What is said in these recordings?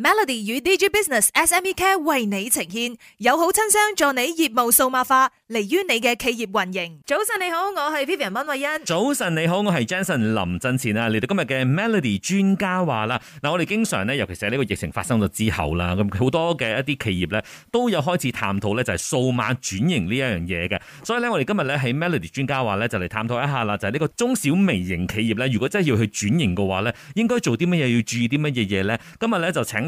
Melody 與 DJ Business SME Care 為你呈現，友好親商助你業務數碼化，利於你嘅企業運營。早晨你好，我係 Vivian 溫慧欣。早晨你好，我係 Jason 林振前啦。嚟到今日嘅 Melody 專家話啦，嗱、嗯、我哋經常咧，尤其是呢個疫情發生咗之後啦，咁好多嘅一啲企業咧，都有開始探討咧，就係數碼轉型呢一樣嘢嘅。所以呢，我哋今日咧喺 Melody 專家話呢，就嚟探討一下啦，就係呢個中小微型企業呢，如果真係要去轉型嘅話呢，應該做啲乜嘢，要注意啲乜嘢嘢呢？今日呢，就請。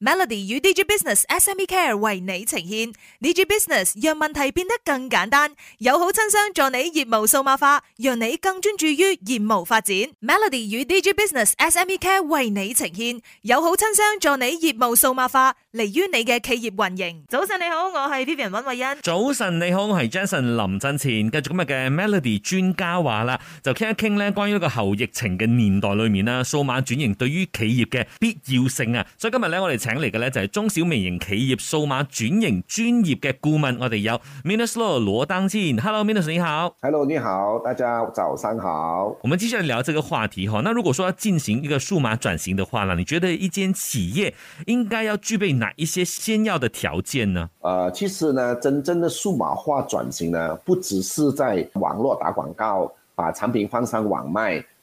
Melody 與 DG Business SME Care 為你呈現，DG Business 讓問題變得更簡單，友好親商助你業務數碼化，讓你更專注於業務發展。Melody 與 DG Business SME Care 為你呈現，友好親商助你業務數碼化，利於你嘅企業運營早上。早晨你好，我係 Vivian 溫慧欣。早晨你好，我係 Jason 林振前。繼續今日嘅 Melody 專家話啦，就傾一傾呢關於一個後疫情嘅年代裏面啊，數碼轉型對於企業嘅必要性啊，所以今日呢，我哋。請嚟嘅呢就係中小微型企業數碼轉型專業嘅顧問，我哋有 Minos 羅當進，Hello，Minos 你好，Hello，你好，大家早上好。我們接下來聊這個話題哈。那如果說要進行一個數碼轉型嘅話，你覺得一間企業應該要具備哪一些先要的條件呢？呃，其實呢，真正的數碼化轉型呢，不只是在網絡打廣告，把產品放上網賣。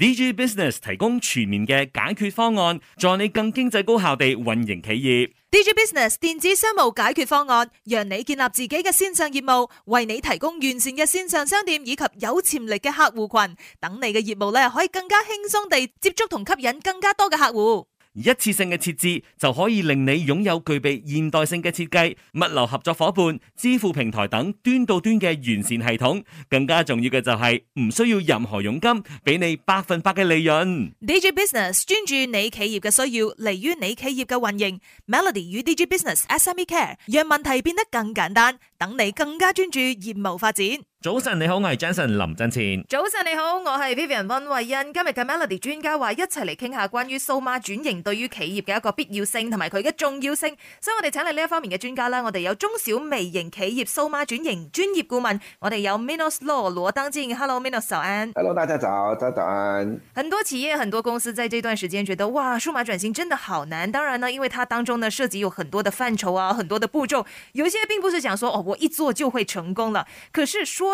DG Business 提供全面嘅解決方案，助你更經濟高效地運營企業。DG Business 電子商務解決方案，讓你建立自己嘅線上業務，為你提供完善嘅線上商店以及有潛力嘅客戶群，等你嘅業務咧可以更加輕鬆地接觸同吸引更加多嘅客戶。一次性嘅設置就可以令你擁有具備現代性嘅設計、物流合作夥伴、支付平台等端到端嘅完善系統。更加重要嘅就係唔需要任何佣金給，俾你百分百嘅利潤。Digi Business 專注你企業嘅需要，嚟於你企業嘅運營。Melody 與 Digi Business SME Care 讓問題變得更簡單，等你更加專注業務發展。早晨你好，我係 Jason 林振前。早晨你好，我係 Vivian 溫慧欣。今日嘅 Melody 專家話一齊嚟傾下關於數碼轉型對於企業嘅一個必要性同埋佢嘅重要性。所以我哋請嚟呢一方面嘅專家啦，我哋有中小微型企業數碼轉型專業顧問，我哋有 Minos Law 羅當進，Hello Minos 早安。Hello 大家早，早早安。很多企業、很多公司在這段時間覺得哇，數碼轉型真的好難。當然呢，因為它當中呢涉及有很多的範疇啊，很多的步驟，有些並不是想說哦，我一做就會成功了，可是說。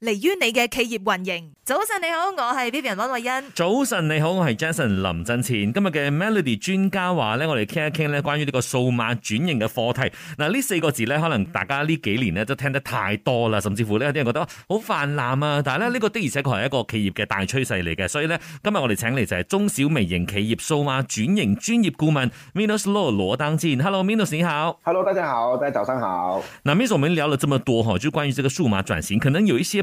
嚟於你嘅企業運營。早晨你好，我係 Vivian 溫慧欣。早晨你好，我係 Jason 林振前。今日嘅 Melody 專家話咧，我哋傾一傾咧關於呢個數碼轉型嘅課題。嗱，呢四個字咧，可能大家呢幾年咧都聽得太多啦，甚至乎呢有啲人覺得好泛濫啊。但係咧呢個的而且確係一個企業嘅大趨勢嚟嘅，所以咧今日我哋請嚟就係中小微型企業數碼轉型專業顧問 m i n u s Law 攞單先。Mm -hmm. Hello m i n u s 你好。Hello，大家好，大家早上好。嗱 m i s s 我們聊了這麼多哈，就關於這個數碼轉型，可能有一些，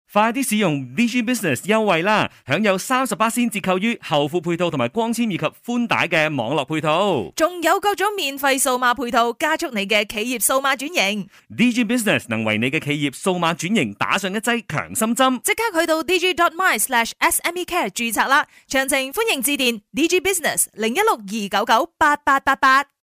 快啲使用 DG Business 優惠啦！享有三十八先折扣於後付配套同埋光纖以及寬帶嘅網絡配套，仲有各種免費數碼配套，加速你嘅企業數碼轉型。DG Business 能為你嘅企業數碼轉型打上一劑強心針。即刻去到 dg.my/smecare 註冊啦！詳情歡迎致電 DG Business 零一六二九九八八八八。